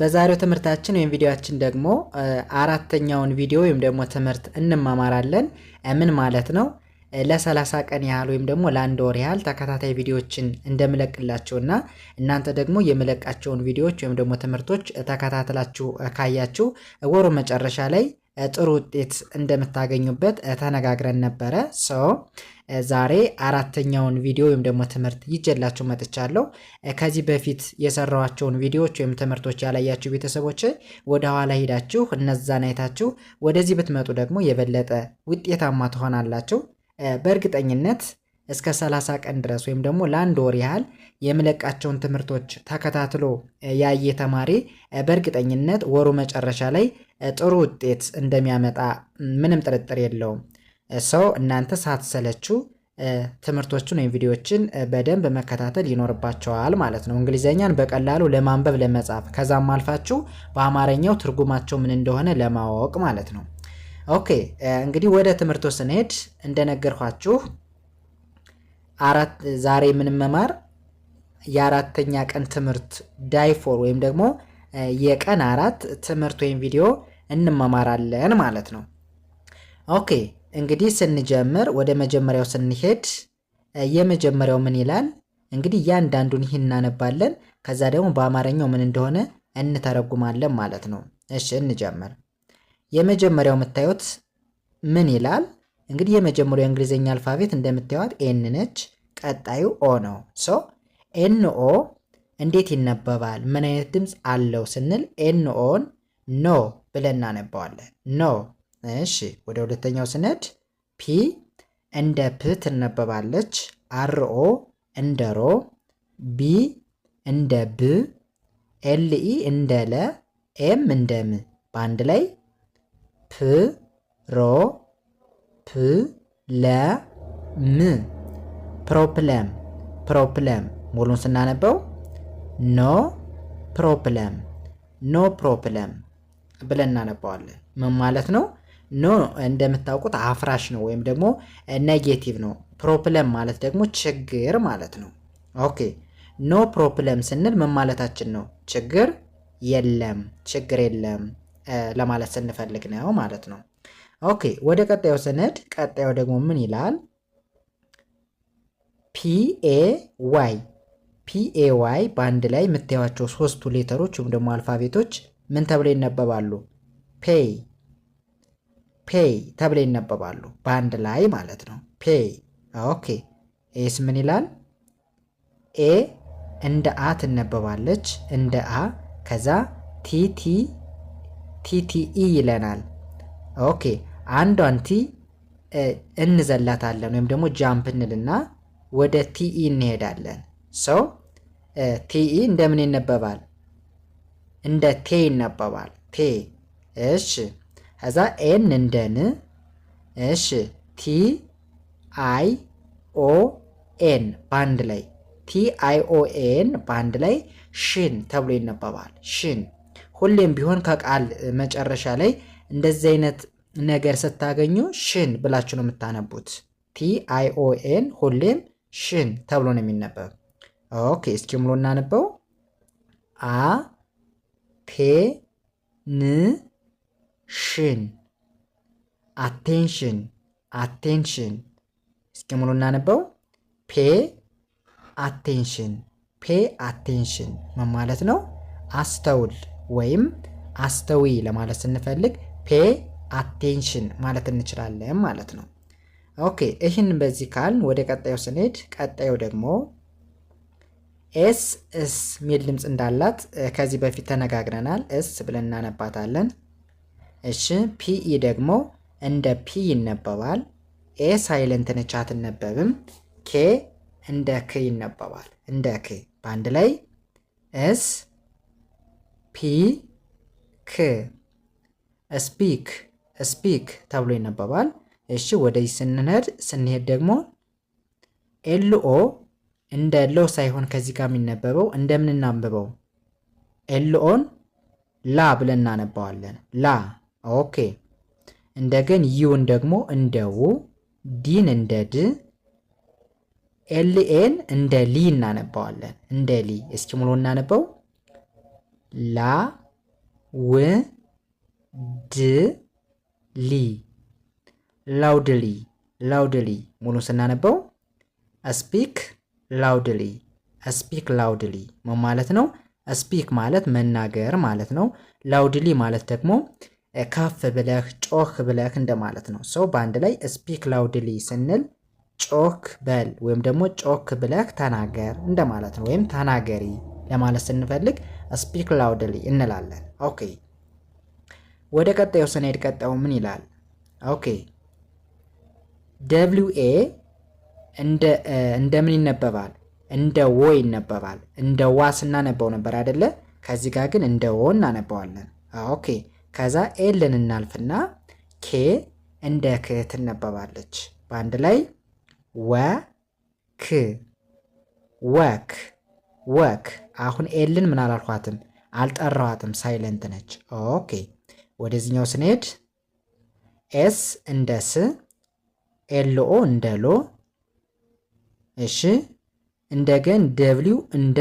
በዛሬው ትምህርታችን ወይም ቪዲዮችን ደግሞ አራተኛውን ቪዲዮ ወይም ደግሞ ትምህርት እንማማራለን። ምን ማለት ነው? ለሰላሳ ቀን ያህል ወይም ደግሞ ለአንድ ወር ያህል ተከታታይ ቪዲዮዎችን እንደምለቅላችሁና እናንተ ደግሞ የምለቃቸውን ቪዲዮዎች ወይም ደግሞ ትምህርቶች ተከታትላችሁ ካያችሁ ወሩ መጨረሻ ላይ ጥሩ ውጤት እንደምታገኙበት ተነጋግረን ነበረ። ሰው ዛሬ አራተኛውን ቪዲዮ ወይም ደግሞ ትምህርት ይጀላችሁ መጥቻለሁ። ከዚህ በፊት የሰራኋቸውን ቪዲዮዎች ወይም ትምህርቶች ያላያችሁ ቤተሰቦች ወደኋላ ሂዳችሁ እነዛን አይታችሁ ወደዚህ ብትመጡ ደግሞ የበለጠ ውጤታማ ትሆናላችሁ በእርግጠኝነት እስከ 30 ቀን ድረስ ወይም ደግሞ ለአንድ ወር ያህል የምለቃቸውን ትምህርቶች ተከታትሎ ያየ ተማሪ በእርግጠኝነት ወሩ መጨረሻ ላይ ጥሩ ውጤት እንደሚያመጣ ምንም ጥርጥር የለውም። ሰው እናንተ ሳትሰለችሁ ትምህርቶችን ወይም ቪዲዮዎችን በደንብ መከታተል ይኖርባቸዋል ማለት ነው። እንግሊዘኛን በቀላሉ ለማንበብ ለመጻፍ፣ ከዛም አልፋችሁ በአማርኛው ትርጉማቸው ምን እንደሆነ ለማወቅ ማለት ነው። ኦኬ እንግዲህ ወደ ትምህርቱ ስንሄድ እንደነገርኳችሁ አራት ዛሬ የምንመማር የአራተኛ ቀን ትምህርት ዳይፎር ወይም ደግሞ የቀን አራት ትምህርት ወይም ቪዲዮ እንመማራለን ማለት ነው። ኦኬ እንግዲህ ስንጀምር ወደ መጀመሪያው ስንሄድ የመጀመሪያው ምን ይላል? እንግዲህ እያንዳንዱን ይህን እናነባለን። ከዛ ደግሞ በአማርኛው ምን እንደሆነ እንተረጉማለን ማለት ነው። እሺ እንጀምር። የመጀመሪያው የምታዩት ምን ይላል? እንግዲህ የመጀመሪያው የእንግሊዝኛ አልፋቤት እንደምታዩት ኤን ነች። ቀጣዩ ኦ ነው። ሶ ኤን ኦ እንዴት ይነበባል? ምን አይነት ድምፅ አለው ስንል ኤን ኦን ኖ ብለን እናነባዋለን። ኖ። እሺ፣ ወደ ሁለተኛው ስነድ ፒ እንደ ፕ ትነበባለች። አር ኦ እንደ ሮ፣ ቢ እንደ ብ፣ ኤል ኢ እንደ ለ፣ ኤም እንደ ም በአንድ ላይ ፕ ሮ ፕለም ፕሮፕለም ፕሮፕለም ሙሉን ስናነበው ኖ ፕሮፕለም ኖ ፕሮፕለም ብለን እናነባዋለን። ምን ማለት ነው? ኖ እንደምታውቁት አፍራሽ ነው ወይም ደግሞ ኔጌቲቭ ነው። ፕሮፕለም ማለት ደግሞ ችግር ማለት ነው። ኦኬ ኖ ፕሮፕለም ስንል ምን ማለታችን ነው? ችግር የለም ችግር የለም ለማለት ስንፈልግ ነው ማለት ነው። ኦኬ ወደ ቀጣዩ ሰነድ ቀጣዩ ደግሞ ምን ይላል? ፒኤ ዋይ ፒኤ ዋይ በአንድ ላይ የምታዩቸው ሶስቱ ሌተሮች ወይም ደግሞ አልፋቤቶች ምን ተብለው ይነበባሉ? ፔይ ፔይ ተብለው ይነበባሉ። በአንድ ላይ ማለት ነው። ፔይ ኦኬ። ኤስ ምን ይላል? ኤ እንደ አ ትነበባለች እንደ አ። ከዛ ቲቲ ቲቲኢ ይለናል። ኦኬ አንዷን ቲ እንዘላታለን ወይም ደግሞ ጃምፕ እንልና ወደ ቲኢ እንሄዳለን። ሰው ቲኢ እንደምን ይነበባል? እንደ ቴ ይነበባል። ቴ እሺ። ከዛ ኤን እንደን እሺ። ቲ አይ ኦ ኤን ባንድ ላይ ቲ አይ ኦ ኤን ባንድ ላይ ሽን ተብሎ ይነበባል። ሽን ሁሌም ቢሆን ከቃል መጨረሻ ላይ እንደዚህ አይነት ነገር ስታገኙ ሽን ብላችሁ ነው የምታነቡት። ቲአይኦኤን ሁሌም ሽን ተብሎ ነው የሚነበብ። ኦኬ እስኪ ሙሉ እናነበው። አ ቴ ን ሽን አቴንሽን አቴንሽን። እስኪ ሙሉ እናነበው። ፔ አቴንሽን ፔ አቴንሽን ምን ማለት ነው? አስተውል ወይም አስተዊ ለማለት ስንፈልግ ፔ አቴንሽን ማለት እንችላለን ማለት ነው። ኦኬ ይህን በዚህ ካልን ወደ ቀጣዩ ስንሄድ ቀጣዩ ደግሞ ኤስ እስ ሚል ድምፅ እንዳላት ከዚህ በፊት ተነጋግረናል። እስ ብለን እናነባታለን። እሺ ፒኢ ደግሞ እንደ ፒ ይነበባል። ኤ ሳይለንት ነች አትነበብም። ኬ እንደ ክ ይነበባል። እንደ ክ በአንድ ላይ እስ ፒ ክ ስፒክ ስፒክ ተብሎ ይነበባል። እሺ ወደዚህ ስንሄድ ስንሄድ ደግሞ ኤልኦ እንደ ሎ ሳይሆን ከዚህ ጋር የሚነበበው እንደምን እናንብበው? ኤልኦን ላ ብለን እናነባዋለን። ላ ኦኬ። እንደገን ዩን ደግሞ እንደ ው ዲን እንደ ድ፣ ኤልኤን እንደ ሊ እናነባዋለን። እንደ ሊ። እስኪ ሙሉ እናነበው ላ ው ድ ሊ ላውድሊ ላውድሊ ሙሉ ስናነበው ስፒክ ላውድሊ ስፒክ ላውድሊ ምን ማለት ነው? ስፒክ ማለት መናገር ማለት ነው። ላውድሊ ማለት ደግሞ ከፍ ብለህ ጮህ ብለህ እንደማለት ነው። ሰው በአንድ ላይ ስፒክ ላውድሊ ስንል ጮክ በል ወይም ደግሞ ጮክ ብለህ ተናገር እንደማለት ነው። ወይም ተናገሪ ለማለት ስንፈልግ ስፒክ ላውድሊ እንላለን። ኦኬ ወደ ቀጣዩ ስንሄድ ቀጣዩ ምን ይላል? ኦኬ ደብሊው ኤ እንደምን ይነበባል? እንደ ወ ይነበባል። እንደ ዋ ስናነበው ነበር አይደለ? ከዚህ ጋር ግን እንደ ወ እናነበዋለን። ኦኬ ከዛ ኤልን እናልፍና ኬ እንደ ክ ትነበባለች። በአንድ ላይ ወ ክ ወክ ወክ። አሁን ኤልን ምን አላልኳትም፣ አልጠራኋትም። ሳይለንት ነች። ኦኬ ወደዚህኛው ስንሄድ ኤስ እንደ ስ ኤልኦ እንደ ሎ እሺ እንደገን ደብሊው እንደ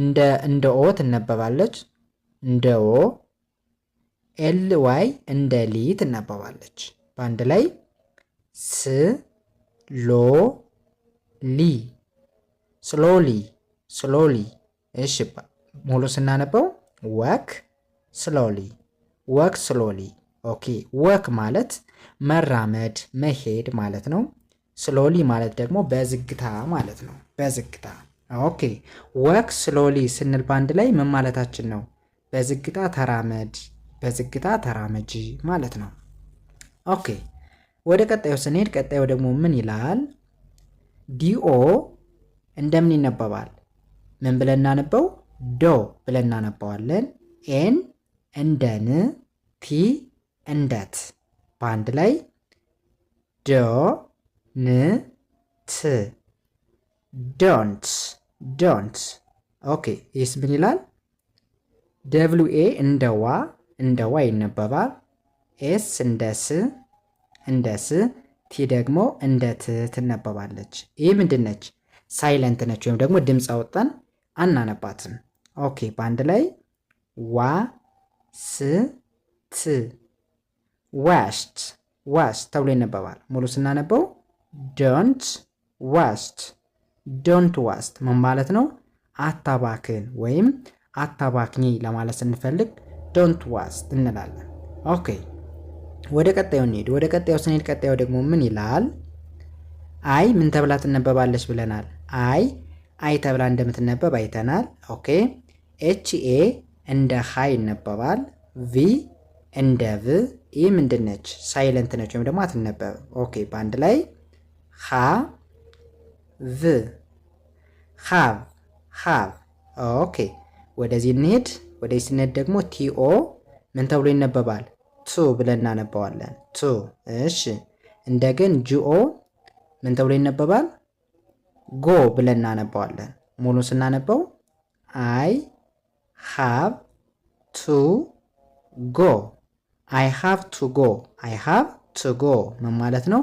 እንደ እንደ ኦ ትነበባለች እንደ ኦ ኤል ዋይ እንደ ሊ ትነበባለች። በአንድ ላይ ስ ሎ ሊ ስሎሊ ስሎሊ። እሺ ሙሉ ስናነበው ወክ ስሎሊ ወክ ስሎሊ ኦኬ ወክ ማለት መራመድ መሄድ ማለት ነው። ስሎሊ ማለት ደግሞ በዝግታ ማለት ነው። በዝግታ ኦኬ። ወክ ስሎሊ ስንል በአንድ ላይ ምን ማለታችን ነው? በዝግታ ተራመድ፣ በዝግታ ተራመጂ ማለት ነው። ኦኬ ወደ ቀጣዩ ስንሄድ ቀጣዩ ደግሞ ምን ይላል? ዲኦ እንደምን ይነበባል? ምን ብለን እናነበው? ዶ ብለን እናነባዋለን። ኤን እንደ ን ቲ እንደት በአንድ ላይ ዶ ን ት ዶንት ዶንት። ኦኬ ይህስ ምን ይላል? ደብሉ ኤ እንደ ዋ እንደ ዋ ይነበባል። ኤስ እንደ ስ እንደ ስ ቲ ደግሞ እንደ ት ትነበባለች። ይህ ምንድን ነች? ሳይለንት ነች፣ ወይም ደግሞ ድምፅ አውጠን አናነባትም። ኦኬ በአንድ ላይ ዋ ስ ት ዋስት ዋስት ተብሎ ይነበባል። ሙሉ ስናነበው ዶንት ዋስት ዶንት ዋስት ምን ማለት ነው? አታባክን ወይም አታባክኚ ለማለት ስንፈልግ ዶንት ዋስት እንላለን። ኦኬ ወደ ቀጣዩ እንሄድ። ወደ ቀጣዩ ስንሄድ ቀጣዩ ደግሞ ምን ይላል? አይ ምን ተብላ ትነበባለች ብለናል። አይ አይ ተብላ እንደምትነበብ አይተናል። ኦኬ ኤች ኤ እንደ ሀ ይነበባል። ቪ እንደ ቭ ኢ ምንድን ነች? ሳይለንት ነች ወይም ደግሞ አትነበብም። ኦኬ በአንድ ላይ ሀ ቭ ሃቭ ሃቭ። ኦኬ ወደዚህ እንሄድ። ወደዚህ ስንሄድ ደግሞ ቲኦ ምን ተብሎ ይነበባል? ቱ ብለን እናነባዋለን። ቱ እሺ። እንደገን ጂኦ ምን ተብሎ ይነበባል? ጎ ብለን እናነበዋለን። ሙሉ ስናነበው አይ ሃቭ ቱ ጎ አይ ሃቭ ቱ ጎ አይ ሃቭ ቱ ጎ ምን ማለት ነው?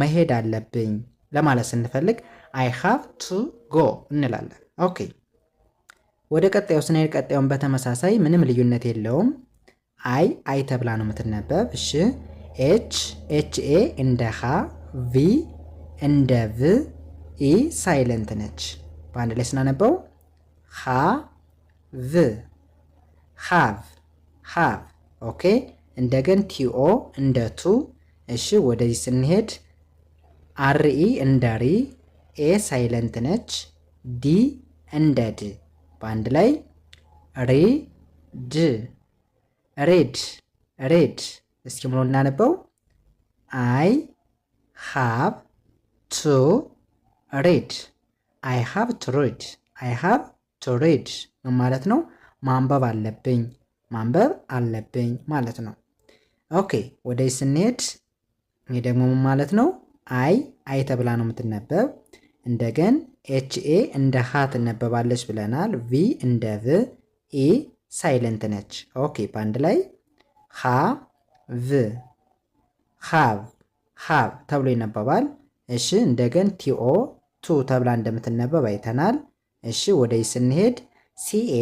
መሄድ አለብኝ ለማለት ስንፈልግ አይ ሃቭ ቱ ጎ እንላለን። ኦኬ ወደ ቀጣዩ ስንሄድ ቀጣዩን በተመሳሳይ ምንም ልዩነት የለውም። አይ አይ ተብላ ነው የምትነበብ። እሺ ኤች ኤች ኤ እንደ ሃ፣ ቪ እንደ ቭ፣ ኢ ሳይለንት ነች። በአንድ ላይ ስናነበው ሃ ቭ ሃቭ ሃቭ ኦኬ። እንደገን ቲኦ እንደ ቱ። እሺ ወደዚህ ስንሄድ አርኢ እንደ ሪ፣ ኤ ሳይለንት ነች፣ ዲ እንደ ድ። በአንድ ላይ ሪ ድ ሬድ ሬድ። እስኪ ምሎ እናነበው። አይ ሃቭ ቱ ሬድ አይ ሃቭ ቱ ሬድ አይ ሃቭ ቱ ሪድ ምን ማለት ነው? ማንበብ አለብኝ ማንበብ አለብኝ ማለት ነው። ኦኬ ወደ ስንሄድ ይሄ ደግሞ ምን ማለት ነው? አይ አይ ተብላ ነው የምትነበብ። እንደገን ኤች ኤ እንደ ሀ ትነበባለች ብለናል። ቪ እንደ ቭ፣ ኢ ሳይለንት ነች። ኦኬ በአንድ ላይ ሀ ቭ ሀቭ ሀቭ ተብሎ ይነበባል። እሺ እንደገን ቲኦ ቱ ተብላ እንደምትነበብ አይተናል። እሺ ወደይ ስንሄድ ሲኤ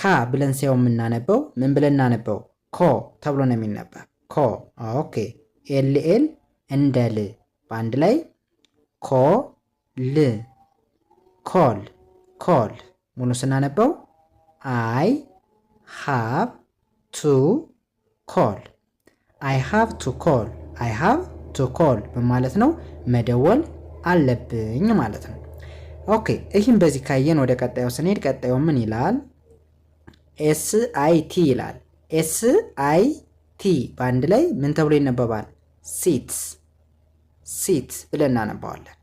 ካ ብለን ሲያው የምናነበው ምን ብለን እናነበው? ኮ ተብሎ ነው የሚነበብ ኮ። ኦኬ ኤልኤል እንደ ል በአንድ ላይ ኮ ል ኮል ኮል። ሙሉ ስናነበው አይ ሃቭ ቱ ኮል አይ ሃቭ ቱ ኮል አይ ሃቭ ቱ ኮል ማለት ነው? መደወል አለብኝ ማለት ነው። ኦኬ ይህም በዚህ ካየን ወደ ቀጣዩ ስንሄድ ቀጣዩ ምን ይላል? ኤስ አይ ቲ ይላል። ኤስ አይ ቲ በአንድ ላይ ምን ተብሎ ይነበባል? ሲት ሲት ብለን እናነባዋለን።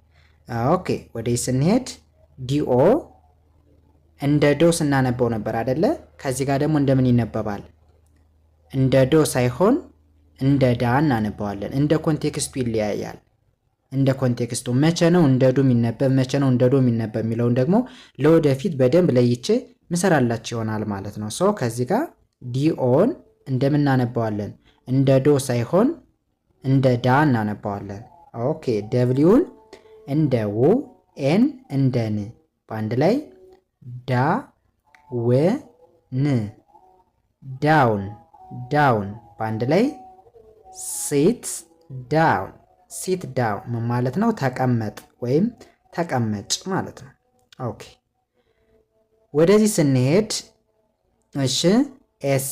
ኦኬ ወደ ስንሄድ ዲኦ እንደ ዶ ስናነበው ነበር አደለ? ከዚህ ጋር ደግሞ እንደምን ይነበባል? እንደ ዶ ሳይሆን እንደ ዳ እናነበዋለን። እንደ ኮንቴክስቱ ይለያያል። እንደ ኮንቴክስቱ መቼ ነው እንደ ዱ የሚነበብ መቼ ነው እንደ ዶ የሚነበብ የሚለውን ደግሞ ለወደፊት በደንብ ለይቼ ምሰራላችሁ ይሆናል ማለት ነው። ሶ ከዚህ ጋር ዲኦን እንደምናነባዋለን እንደ ዶ ሳይሆን እንደ ዳ እናነባዋለን። ኦኬ ደብሊውን እንደ ው ኤን እንደ ን በአንድ ላይ ዳ ወ ን ዳውን ዳውን በአንድ ላይ ሲት ዳውን ሲት ዳውን ማለት ነው ተቀመጥ ወይም ተቀመጭ ማለት ነው። ኦኬ ወደዚህ ስንሄድ እሺ ኤስ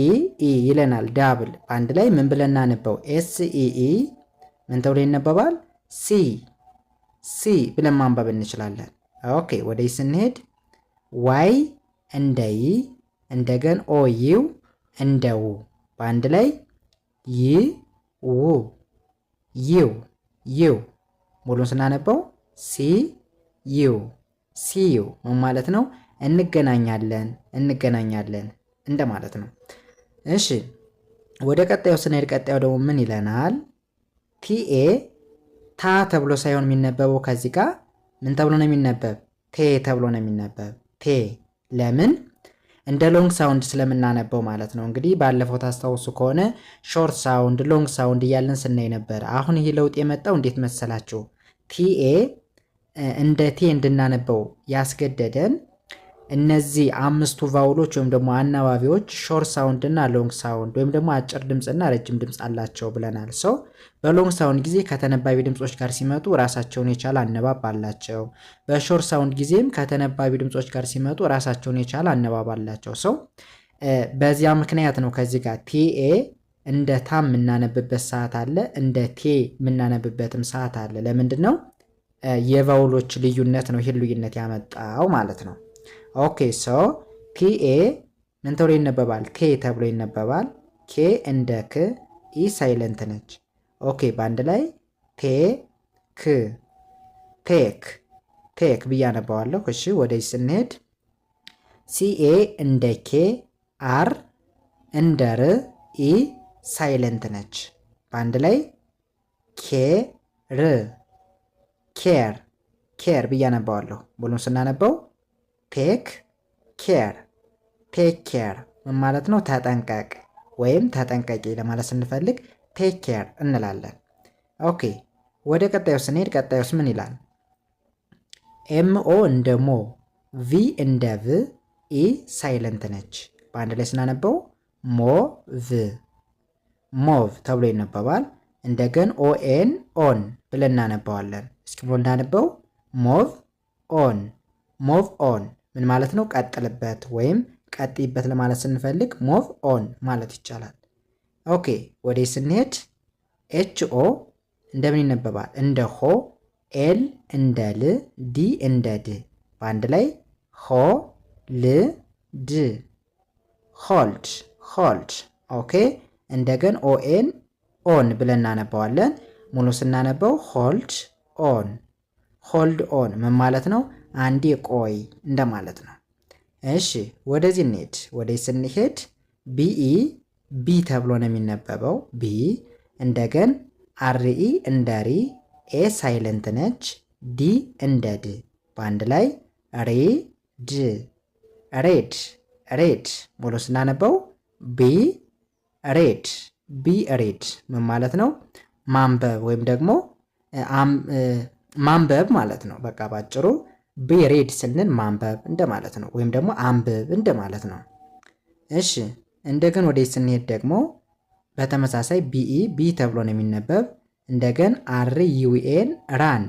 ኢ ኢ ይለናል። ዳብል አንድ ላይ ምን ብለን እናነበው? ኤስ ኢ ኢ ምን ተብሎ ይነበባል? ሲ ሲ ብለን ማንበብ እንችላለን። ኦኬ ወደዚህ ስንሄድ ዋይ እንደ ይ እንደገን ኦ ዩ እንደ ው በአንድ ላይ ይ ው ዩ ዩ ሙሉን ስናነበው ሲ ዩ ሲ ዩ ምን ማለት ነው? እንገናኛለን እንገናኛለን እንደማለት ነው። እሺ ወደ ቀጣዩ ስንሄድ ቀጣዩ ደግሞ ምን ይለናል? ቲኤ ታ ተብሎ ሳይሆን የሚነበበው ከዚህ ጋር ምን ተብሎ ነው የሚነበብ? ቴ ተብሎ ነው የሚነበብ ቴ ለምን እንደ ሎንግ ሳውንድ ስለምናነበው ማለት ነው። እንግዲህ ባለፈው ታስታውሱ ከሆነ ሾርት ሳውንድ፣ ሎንግ ሳውንድ እያለን ስናይ ነበር። አሁን ይህ ለውጥ የመጣው እንዴት መሰላችሁ? ቲኤ እንደ ቴ እንድናነበው ያስገደደን እነዚህ አምስቱ ቫውሎች ወይም ደግሞ አናባቢዎች ሾርት ሳውንድ እና ሎንግ ሳውንድ ወይም ደግሞ አጭር ድምፅ እና ረጅም ድምፅ አላቸው ብለናል። ሰው በሎንግ ሳውንድ ጊዜ ከተነባቢ ድምፆች ጋር ሲመጡ ራሳቸውን የቻለ አነባብ አላቸው። በሾርት ሳውንድ ጊዜም ከተነባቢ ድምፆች ጋር ሲመጡ ራሳቸውን የቻለ አነባብ አላቸው። ሰው በዚያ ምክንያት ነው ከዚህ ጋር ቲኤ እንደ ታ የምናነብበት ሰዓት አለ፣ እንደ ቴ የምናነብበትም ሰዓት አለ። ለምንድን ነው የቫውሎች ልዩነት ነው ይህን ልዩነት ያመጣው ማለት ነው። ኦኬ ሶ ፒኤ ምን ተብሎ ይነበባል? ኬ ተብሎ ይነበባል። ኬ እንደ ክ ኢ ሳይለንት ነች። ኦኬ በአንድ ላይ ቴ ክ ቴክ ቴክ ብዬ አነባዋለሁ። እሺ ወደዚህ ስንሄድ ሲኤ እንደ ኬ አር እንደ ር ኢ ሳይለንት ነች። በአንድ ላይ ኬ ር ኬር ኬር ብዬ አነባዋለሁ። ሙሉን ስናነበው ቴክ ኬር ቴክ ኬር ማለት ነው ተጠንቀቅ ወይም ተጠንቀቂ ለማለት ስንፈልግ ቴክ ኬር እንላለን። ኦኬ ወደ ቀጣዩ ስንሄድ ቀጣዩስ ምን ይላል? ኤምኦ እንደ ሞ፣ ቪ እንደ ቭ፣ ኢ ሳይለንት ነች። በአንድ ላይ ስናነበው ሞ ቭ ሞቭ ተብሎ ይነበባል። እንደገን ኦኤን ኦን ብለን እናነባዋለን። እስኪ ብሎ እናነበው ሞቭ ኦን ሞቭ ኦን ምን ማለት ነው? ቀጥልበት ወይም ቀጥይበት ለማለት ስንፈልግ ሞቭ ኦን ማለት ይቻላል። ኦኬ ወደ ስንሄድ ኤች ኦ እንደምን ይነበባል? እንደ ሆ፣ ኤል እንደ ል፣ ዲ እንደ ድ በአንድ ላይ ሆ ል ድ ሆልድ ሆልድ። ኦኬ እንደገን ኦኤን ኦን ብለን እናነባዋለን። ሙሉ ስናነበው ሆልድ ኦን ሆልድ ኦን ምን ማለት ነው? አንዴ ቆይ እንደማለት ነው። እሺ ወደዚህ እንሄድ። ወደዚህ ስንሄድ ቢኢ ቢ ተብሎ ነው የሚነበበው ቢ። እንደገን አርኢ እንደ ሪ፣ ኤ ሳይለንት ነች፣ ዲ እንደ ድ፣ በአንድ ላይ ሪ ድ ሬድ ሬድ። ሙሉ ስናነበው ቢ ሬድ ቢ ሬድ ምን ማለት ነው? ማንበብ ወይም ደግሞ ማንበብ ማለት ነው። በቃ ባጭሩ ብሬድ ስንል ማንበብ እንደማለት ነው፣ ወይም ደግሞ አንብብ እንደማለት ነው። እሺ እንደገን ወደ ስንሄድ ደግሞ በተመሳሳይ ቢኢ ቢ ተብሎ ነው የሚነበብ። እንደገን አር ዩኤን ራን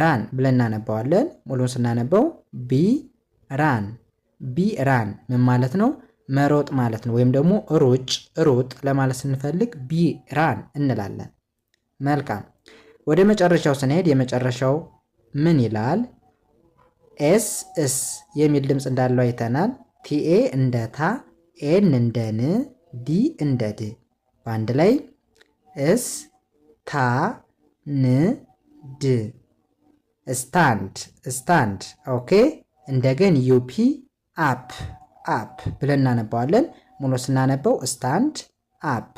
ራን ብለን እናነባዋለን። ሙሉን ስናነበው ቢ ራን ቢ ራን ምን ማለት ነው? መሮጥ ማለት ነው። ወይም ደግሞ ሩጭ ሩጥ ለማለት ስንፈልግ ቢ ራን እንላለን። መልካም ወደ መጨረሻው ስንሄድ የመጨረሻው ምን ይላል? ኤስ እስ የሚል ድምፅ እንዳለው አይተናል። ቲኤ እንደ ታ፣ ኤን እንደ ን፣ ዲ እንደ ድ በአንድ ላይ እስ ታ ን ድ ስታንድ ስታንድ። ኦኬ እንደገን ዩፒ አፕ አፕ ብለን እናነባዋለን። ሙሉ ስናነበው ስታንድ አፕ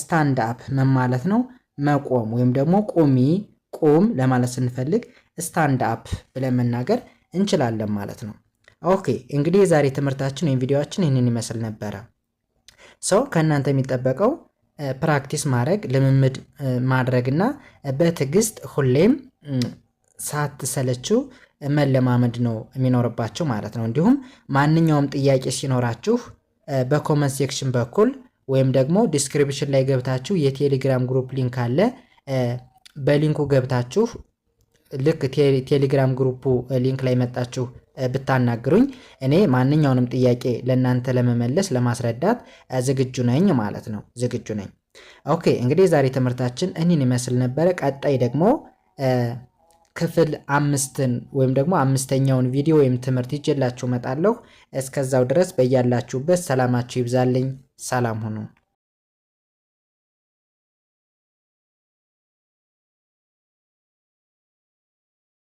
ስታንድ አፕ ምን ማለት ነው? መቆም ወይም ደግሞ ቁሚ ቁም ለማለት ስንፈልግ ስታንድ አፕ ብለን መናገር እንችላለን ማለት ነው። ኦኬ እንግዲህ የዛሬ ትምህርታችን ወይም ቪዲዮችን ይህንን ይመስል ነበረ። ሰው ከእናንተ የሚጠበቀው ፕራክቲስ ማድረግ ልምምድ ማድረግና በትዕግስት ሁሌም ሳትሰለችው መለማመድ ነው የሚኖርባችሁ ማለት ነው። እንዲሁም ማንኛውም ጥያቄ ሲኖራችሁ በኮመንት ሴክሽን በኩል ወይም ደግሞ ዲስክሪፕሽን ላይ ገብታችሁ የቴሌግራም ግሩፕ ሊንክ አለ። በሊንኩ ገብታችሁ ልክ ቴሌግራም ግሩፑ ሊንክ ላይ መጣችሁ ብታናግሩኝ እኔ ማንኛውንም ጥያቄ ለእናንተ ለመመለስ ለማስረዳት ዝግጁ ነኝ ማለት ነው። ዝግጁ ነኝ። ኦኬ እንግዲህ የዛሬ ትምህርታችን እኒን ይመስል ነበረ። ቀጣይ ደግሞ ክፍል አምስትን ወይም ደግሞ አምስተኛውን ቪዲዮ ወይም ትምህርት ይዤላችሁ እመጣለሁ። እስከዛው ድረስ በያላችሁበት ሰላማችሁ ይብዛልኝ። ሰላም ሁኑ።